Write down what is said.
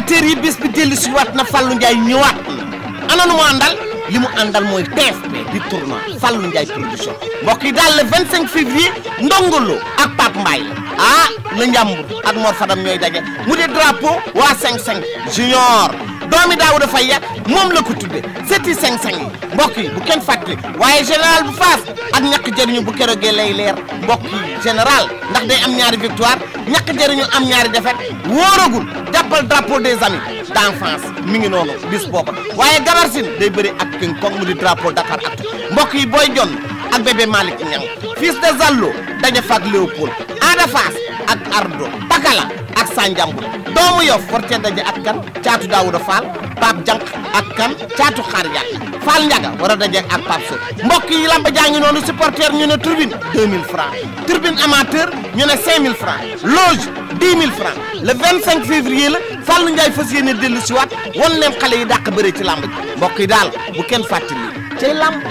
amateur yi bés bi dellu si waat na Fallou Ndiaye ñëwaat na ana nu mu àndal li mu àndal mooy TFP di tournoi Fallou Ndiaye production mbokk yi daal le 25 février ndongolo ak Pape Mbaye ah la njàmbur ak Mor Fadam ñooy daje mu di drapeau waa 55 junior. doomi Daouda Faye ya moom la ko tudde seti seng-seng yi mbokk yi bu kenn fàtte waaye général bu faas ak ñàkk jëriñu bu kerogee lay leer mbokk général ndax day am ñaari victoire ñàkk jëriñu am ñaari défaite wóoragul jàppal drapeau des amis d'enfance mi ngi noonu bis booba waaye gabarsin day bëri ak king kong mu di drapeau Dakar ak mbokk yi booy jonn ak bébé Malick Niang fils de Zallo daje faak Léopold Ada ak ardo Pakala ak Sanjambur doomu Yoff war cee daje ak kan caatu Daawuda Fall Pape Jank ak kan caatu Xaar Yàlla Fall Ndiaga war a daje ak Pape Sow mbokk yi lamba jaa ngi noonu supporter ñu ne tribune 2000 francs tribune amateur ñu ne francs loge francs le 25 février la Fallou Ndiaye fas si waat wan leen xale yi dàq bëre ci lamb ji mbokk yi daal bu kenn fàttali cay lamb.